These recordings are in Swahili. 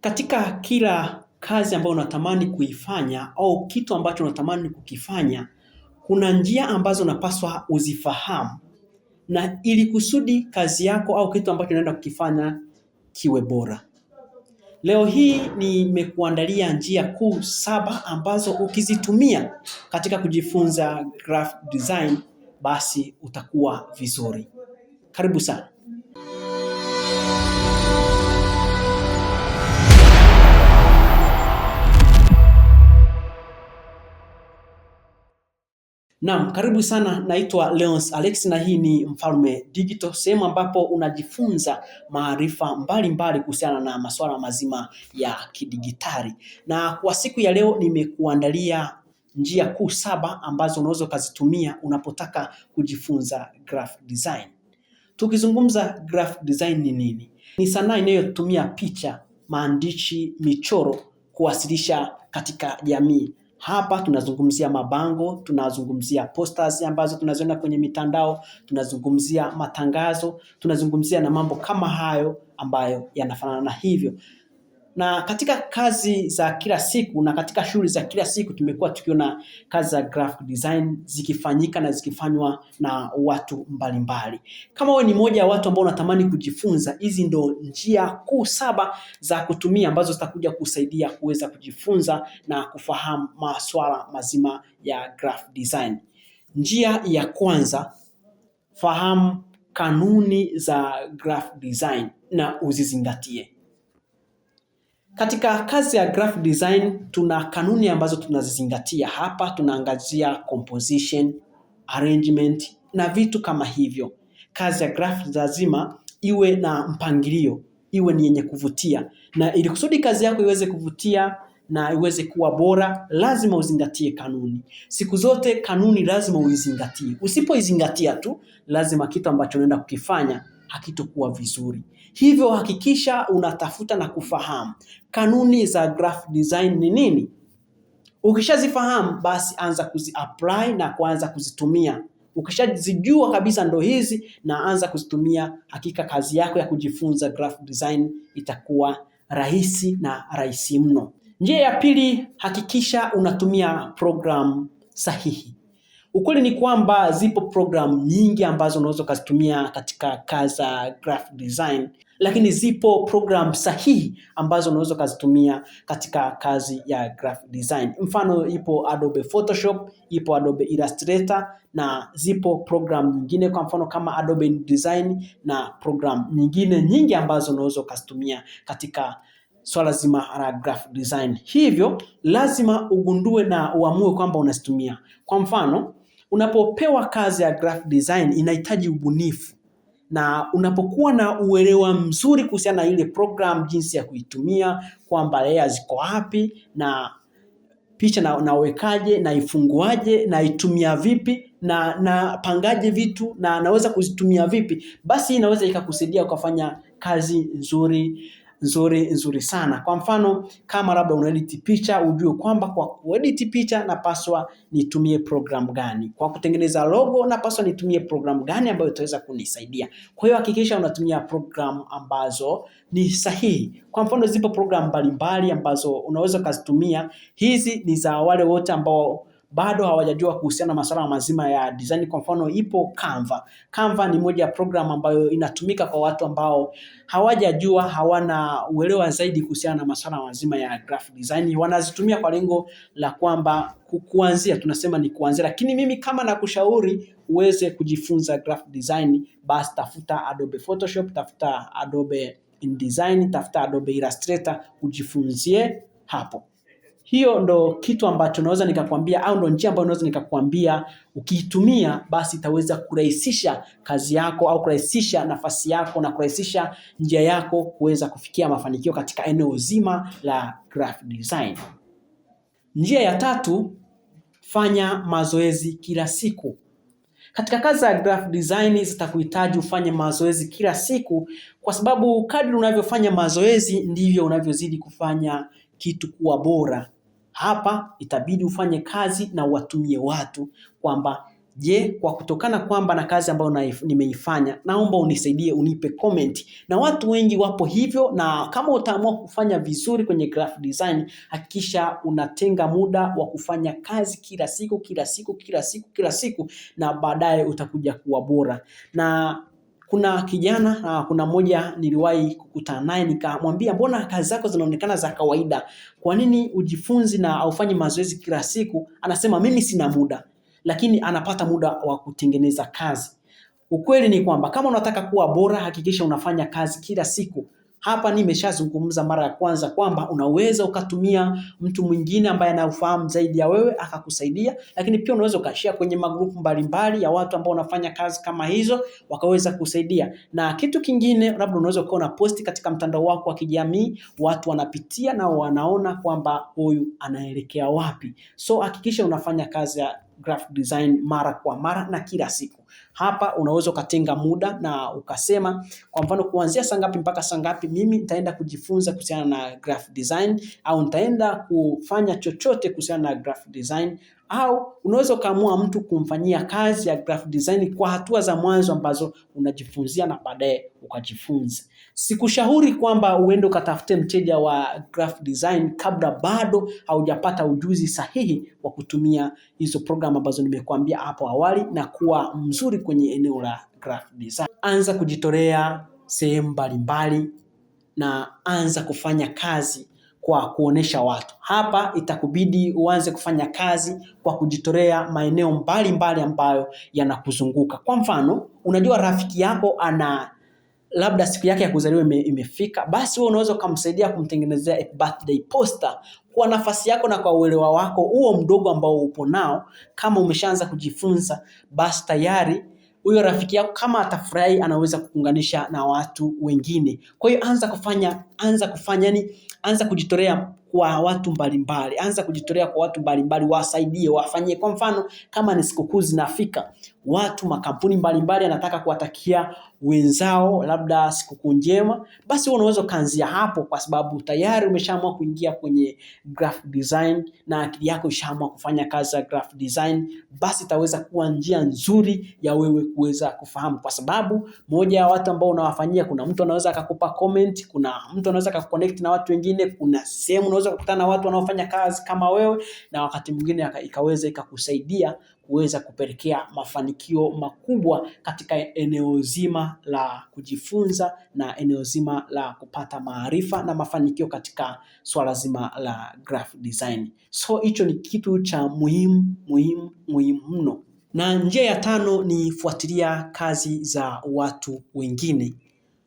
Katika kila kazi ambayo unatamani kuifanya au kitu ambacho unatamani kukifanya, kuna njia ambazo unapaswa uzifahamu na ili kusudi kazi yako au kitu ambacho unaenda kukifanya kiwe bora. Leo hii nimekuandalia njia kuu saba ambazo ukizitumia katika kujifunza graphic design basi utakuwa vizuri. Karibu sana. Naam, karibu sana. Naitwa Leons Alex na hii ni Mfalme Digital, sehemu ambapo unajifunza maarifa mbalimbali kuhusiana na masuala mazima ya kidigitali. Na kwa siku ya leo nimekuandalia njia kuu saba ambazo unaweza ukazitumia unapotaka kujifunza graphic design. Tukizungumza graphic design ni nini? Ni sanaa inayotumia picha, maandishi, michoro kuwasilisha katika jamii. Hapa tunazungumzia mabango, tunazungumzia posters ambazo tunaziona kwenye mitandao, tunazungumzia matangazo, tunazungumzia na mambo kama hayo ambayo yanafanana na hivyo na katika kazi za kila siku na katika shughuli za kila siku tumekuwa tukiona kazi za graphic design zikifanyika na zikifanywa na watu mbalimbali. Kama wewe ni moja ya watu ambao unatamani kujifunza, hizi ndo njia kuu saba za kutumia ambazo zitakuja kusaidia kuweza kujifunza na kufahamu masuala mazima ya graphic design. Njia ya kwanza, fahamu kanuni za graphic design na uzizingatie. Katika kazi ya graphic design tuna kanuni ambazo tunazizingatia hapa. Tunaangazia composition, arrangement na vitu kama hivyo. Kazi ya graphic lazima iwe na mpangilio, iwe ni yenye kuvutia, na ili kusudi kazi yako iweze kuvutia na iweze kuwa bora, lazima uzingatie kanuni. Siku zote kanuni lazima uizingatie. Usipoizingatia tu, lazima kitu ambacho unaenda kukifanya hakitokuwa vizuri. Hivyo hakikisha unatafuta na kufahamu kanuni za graph design ni nini. Ukishazifahamu basi anza apply na kuanza kuzitumia. Ukishazijua kabisa ndo hizi na anza kuzitumia, hakika kazi yako ya kujifunza graph design itakuwa rahisi na rahisi mno. Njia ya pili, hakikisha unatumia program sahihi. Ukweli ni kwamba zipo programu nyingi ambazo unaweza ukazitumia katika kazi za graphic design, lakini zipo programu sahihi ambazo unaweza ukazitumia katika kazi ya graphic design. Mfano, ipo Adobe Photoshop, ipo Adobe Illustrator na zipo programu nyingine, kwa mfano kama Adobe InDesign na programu nyingine nyingi ambazo unaweza ukazitumia katika swala so zima la graphic design. Hivyo lazima ugundue na uamue kwamba unazitumia. Kwa mfano Unapopewa kazi ya graphic design inahitaji ubunifu, na unapokuwa na uelewa mzuri kuhusiana na ile program, jinsi ya kuitumia, kwamba layers ziko wapi na picha na nawekaje, naifunguaje, naitumia vipi, na napangaje vitu na naweza kuzitumia vipi, basi inaweza ikakusaidia ukafanya kazi nzuri nzuri nzuri sana. Kwa mfano kama labda unaedit picha, ujue kwamba kwa kuedit picha napaswa nitumie programu gani, kwa kutengeneza logo napaswa nitumie programu gani ambayo itaweza kunisaidia. Kwa hiyo hakikisha unatumia program ambazo ni sahihi. Kwa mfano zipo programu mbalimbali ambazo unaweza ukazitumia, hizi ni za wale wote ambao bado hawajajua kuhusiana na masuala mazima ya design. Kwa mfano, ipo Canva. Canva ni moja ya program ambayo inatumika kwa watu ambao hawajajua, hawana uelewa zaidi kuhusiana na masuala mazima ya graphic design. Wanazitumia kwa lengo la kwamba kuanzia, tunasema ni kuanzia, lakini mimi kama nakushauri uweze kujifunza graphic design, basi tafuta Adobe Photoshop, tafuta Adobe InDesign, tafuta Adobe Illustrator ujifunzie hapo. Hiyo ndo kitu ambacho naweza nikakwambia au ndo njia ambayo naweza nikakwambia, ukiitumia basi itaweza kurahisisha kazi yako au kurahisisha nafasi yako na kurahisisha njia yako kuweza kufikia mafanikio katika eneo zima la graphic design. Njia ya tatu, fanya mazoezi kila siku. Katika kazi ya graphic design zitakuhitaji ufanye mazoezi kila siku, kwa sababu kadri unavyofanya mazoezi ndivyo unavyozidi kufanya kitu kuwa bora hapa itabidi ufanye kazi na uwatumie watu kwamba je, kwa kutokana kwamba na kazi ambayo nimeifanya, naomba unisaidie unipe comment. Na watu wengi wapo hivyo, na kama utaamua kufanya vizuri kwenye graphic design, hakikisha unatenga muda wa kufanya kazi kila siku kila siku kila siku kila siku, na baadaye utakuja kuwa bora na kuna kijana, ah, kuna mmoja niliwahi kukutana naye nikamwambia, mbona kazi zako zinaonekana za kawaida, kwa nini ujifunzi na aufanyi mazoezi kila siku? Anasema mimi sina muda, lakini anapata muda wa kutengeneza kazi. Ukweli ni kwamba kama unataka kuwa bora, hakikisha unafanya kazi kila siku. Hapa nimeshazungumza mara ya kwanza kwamba unaweza ukatumia mtu mwingine ambaye anaufahamu zaidi ya wewe akakusaidia, lakini pia unaweza ukashia kwenye magrupu mbalimbali ya watu ambao wanafanya kazi kama hizo wakaweza kusaidia. Na kitu kingine, labda unaweza ukawa posti katika mtandao wako wa kijamii, watu wanapitia na wanaona kwamba huyu anaelekea wapi. So hakikisha unafanya kazi ya graphic design mara kwa mara na kila siku. Hapa unaweza ukatenga muda na ukasema kwa mfano kuanzia saa ngapi mpaka saa ngapi mimi nitaenda kujifunza kuhusiana na graph design au nitaenda kufanya chochote kuhusiana na graph design au unaweza ukaamua mtu kumfanyia kazi ya graph design kwa hatua za mwanzo ambazo unajifunzia na baadaye ukajifunza. Sikushauri kwamba uende ukatafute mteja wa graph design kabla bado haujapata ujuzi sahihi wa kutumia hizo programu ambazo nimekuambia hapo awali na kuwa mzuri vizuri kwenye eneo la graphic design. Anza kujitolea sehemu mbalimbali na anza kufanya kazi kwa kuonesha watu. Hapa itakubidi uanze kufanya kazi kwa kujitolea maeneo mbalimbali ambayo yanakuzunguka. Kwa mfano, unajua rafiki yako ana labda siku yake ya kuzaliwa ime, imefika, basi wewe unaweza ukamsaidia kumtengenezea birthday poster kwa nafasi yako na kwa uelewa wako huo mdogo ambao upo nao. Kama umeshaanza kujifunza, basi tayari huyo rafiki yako kama atafurahi, anaweza kukuunganisha na watu wengine. Kwa hiyo anza kufanya, anza kufanya, yani anza kujitolea kwa watu mbalimbali, anza kujitolea kwa watu mbalimbali, wasaidie, wafanyie. Kwa mfano, kama ni sikukuu zinafika, watu, makampuni mbalimbali yanataka kuwatakia wenzao labda sikukuu njema, basi wewe unaweza ukaanzia hapo, kwa sababu tayari umeshaamua kuingia kwenye graphic design na akili yako ishaamua kufanya kazi ya graphic design, basi itaweza kuwa njia nzuri ya wewe kuweza kufahamu, kwa sababu moja ya watu ambao unawafanyia, kuna mtu anaweza akakupa comment, kuna mtu anaweza akakonnect na watu wengine, kuna sehemu unaweza kukutana na watu wanaofanya kazi kama wewe, na wakati mwingine ikaweza ikakusaidia kuweza kupelekea mafanikio makubwa katika eneo zima la kujifunza na eneo zima la kupata maarifa na mafanikio katika swala zima la graphic design. So hicho ni kitu cha muhimu muhimu muhimu mno. Na njia ya tano ni fuatilia kazi za watu wengine.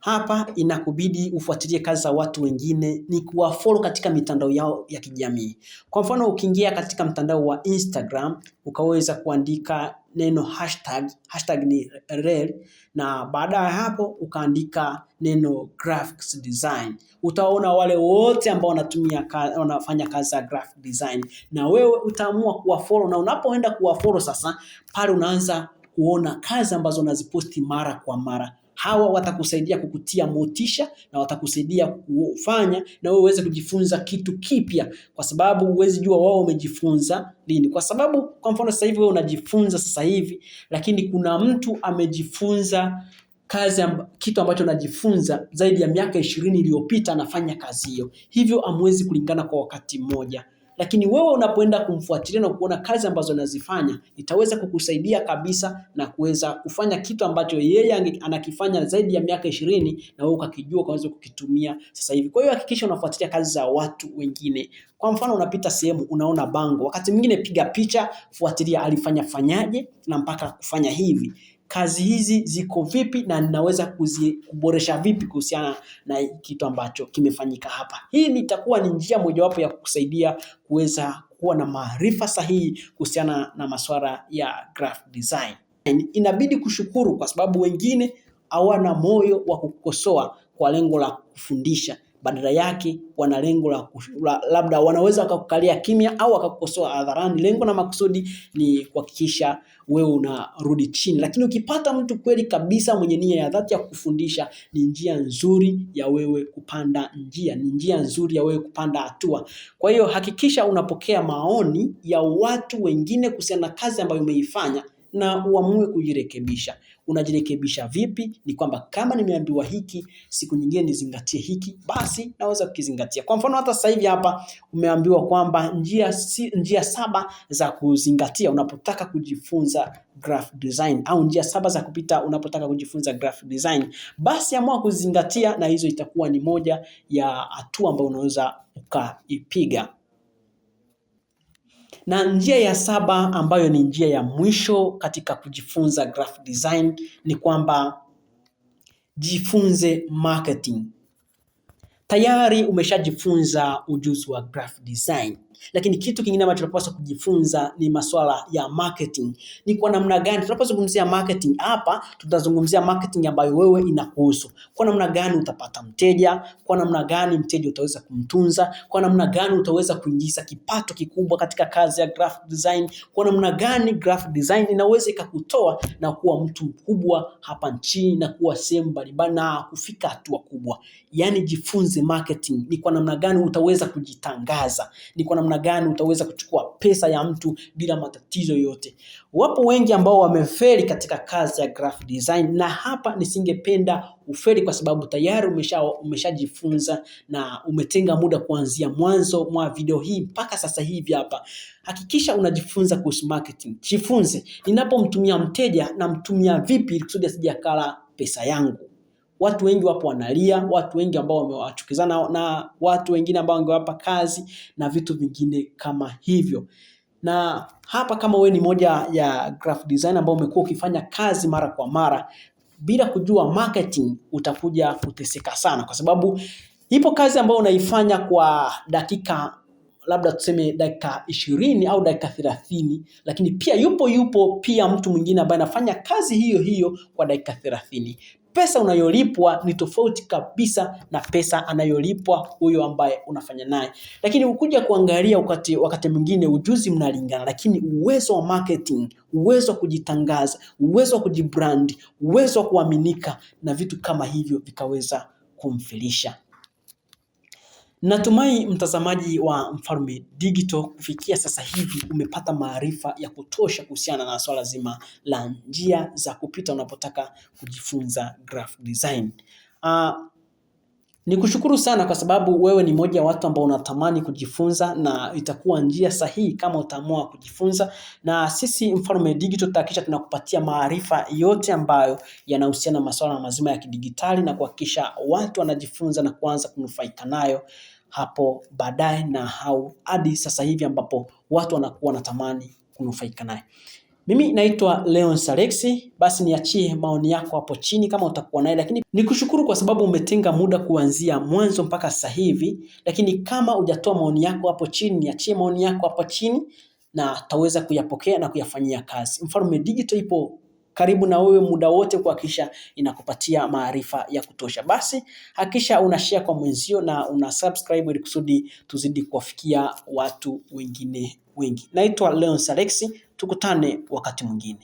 Hapa inakubidi ufuatilie kazi za watu wengine, ni kuwafollow katika mitandao yao ya kijamii. Kwa mfano, ukiingia katika mtandao wa Instagram ukaweza kuandika neno hashtag, hashtag ni reel, na baada ya hapo ukaandika neno graphics design, utaona wale wote ambao wanatumia wanafanya kazi za graphic design, na wewe utaamua kuwafollow, na unapoenda kuwafollow sasa, pale unaanza kuona kazi ambazo unaziposti mara kwa mara hawa watakusaidia kukutia motisha na watakusaidia kufanya na wewe uweze kujifunza kitu kipya, kwa sababu huwezi jua wao wamejifunza lini. Kwa sababu kwa mfano sasa hivi wewe unajifunza sasa hivi, lakini kuna mtu amejifunza kazi amba, kitu ambacho unajifunza zaidi ya miaka ishirini iliyopita anafanya kazi hiyo, hivyo amwezi kulingana kwa wakati mmoja lakini wewe unapoenda kumfuatilia na kuona kazi ambazo anazifanya itaweza kukusaidia kabisa na kuweza kufanya kitu ambacho yeye anakifanya zaidi ya miaka ishirini na wewe ukakijua ukaweza kukitumia sasa hivi. Kwa hiyo hakikisha unafuatilia kazi za watu wengine. Kwa mfano, unapita sehemu unaona bango, wakati mwingine piga picha, fuatilia alifanya fanyaje na mpaka kufanya hivi kazi hizi ziko vipi na ninaweza kuboresha vipi kuhusiana na kitu ambacho kimefanyika hapa. Hii nitakuwa ni njia mojawapo ya kukusaidia kuweza kuwa na maarifa sahihi kuhusiana na masuala ya graph design. Inabidi kushukuru kwa sababu wengine hawana moyo wa kukosoa kwa lengo la kufundisha badala yake wana lengo la, la labda wanaweza wakakukalia kimya au wakakukosoa hadharani. Lengo na makusudi ni kuhakikisha wewe unarudi chini, lakini ukipata mtu kweli kabisa mwenye nia ya dhati ya kukufundisha, ni njia nzuri ya wewe kupanda njia, ni njia nzuri ya wewe kupanda hatua. Kwa hiyo hakikisha unapokea maoni ya watu wengine kuhusiana na kazi ambayo umeifanya na uamue kujirekebisha. Unajirekebisha vipi? Ni kwamba kama nimeambiwa hiki, siku nyingine nizingatie hiki, basi naweza kukizingatia. Kwa mfano hata sasa hivi hapa umeambiwa kwamba njia, si, njia saba za kuzingatia unapotaka kujifunza graph design au njia saba za kupita unapotaka kujifunza graph design, basi amua kuzingatia, na hizo itakuwa ni moja ya hatua ambayo unaweza ukaipiga. Na njia ya saba ambayo ni njia ya mwisho katika kujifunza graphic design ni kwamba jifunze marketing. Tayari umeshajifunza ujuzi wa graphic design. Lakini kitu kingine ambacho tunapaswa kujifunza ni masuala ya marketing. Ni kwa namna gani tunapozungumzia marketing hapa, tutazungumzia marketing ambayo wewe inakuhusu. Kwa namna gani utapata mteja, kwa namna gani mteja utaweza kumtunza, kwa namna gani utaweza kuingiza kipato kikubwa katika kazi ya graphic design, kwa namna gani graphic design inaweza ikakutoa na kuwa mtu mkubwa hapa nchini na kuwa sehemu mbalimbali na kufika hatua kubwa. Yani jifunze marketing, ni kwa namna gani utaweza kujitangaza, ni kwa namna namna gani utaweza kuchukua pesa ya mtu bila matatizo yote. Wapo wengi ambao wamefeli katika kazi ya graphic design, na hapa nisingependa ufeli kwa sababu tayari umesha umeshajifunza na umetenga muda kuanzia mwanzo mwa video hii mpaka sasa hivi hapa. Hakikisha unajifunza kuhusu marketing. Jifunze, ninapomtumia mteja namtumia vipi ili kusudi asijakala pesa yangu watu wengi wapo wanalia, watu wengi ambao wamewachukizana na watu wengine ambao wangewapa kazi na vitu vingine kama hivyo. Na hapa kama wewe ni moja ya graphic designer ambao umekuwa ukifanya kazi mara kwa mara bila kujua marketing, utakuja kuteseka sana, kwa sababu ipo kazi ambayo unaifanya kwa dakika labda tuseme dakika ishirini au dakika thelathini, lakini pia yupo yupo pia mtu mwingine ambaye anafanya kazi hiyo hiyo kwa dakika thelathini pesa unayolipwa ni tofauti kabisa na pesa anayolipwa huyo ambaye unafanya naye. Lakini ukuja kuangalia wakati, wakati mwingine ujuzi mnalingana, lakini uwezo wa marketing, uwezo wa kujitangaza, uwezo wa kujibrand, uwezo wa kuaminika na vitu kama hivyo vikaweza kumfilisha. Natumai mtazamaji wa Mfalme Digital kufikia sasa hivi umepata maarifa ya kutosha kuhusiana na swala zima la njia za kupita unapotaka kujifunza graphic design. Uh, ni kushukuru sana kwa sababu wewe ni moja ya watu ambao unatamani kujifunza na itakuwa njia sahihi kama utaamua kujifunza, na sisi Mfalme Digital tutahakikisha tunakupatia maarifa yote ambayo yanahusiana na masuala mazima ya kidigitali na kuhakikisha watu wanajifunza na kuanza kunufaika nayo hapo baadaye na hadi sasa hivi ambapo watu wanakuwa wanatamani kunufaika nayo. Mimi naitwa Leon Salexi, basi niachie maoni yako hapo chini kama utakuwa naye, lakini nikushukuru kwa sababu umetenga muda kuanzia mwanzo mpaka sasa hivi. Lakini kama hujatoa maoni yako hapo chini, niachie maoni yako hapo chini na taweza kuyapokea na kuyafanyia kazi. Mfalme Digital ipo karibu na wewe muda wote kuhakikisha inakupatia maarifa ya kutosha. Basi hakikisha una share kwa mwenzio na una subscribe ili kusudi tuzidi kuwafikia watu wengine wengi. Naitwa Leon Salexi. Tukutane wakati mwingine.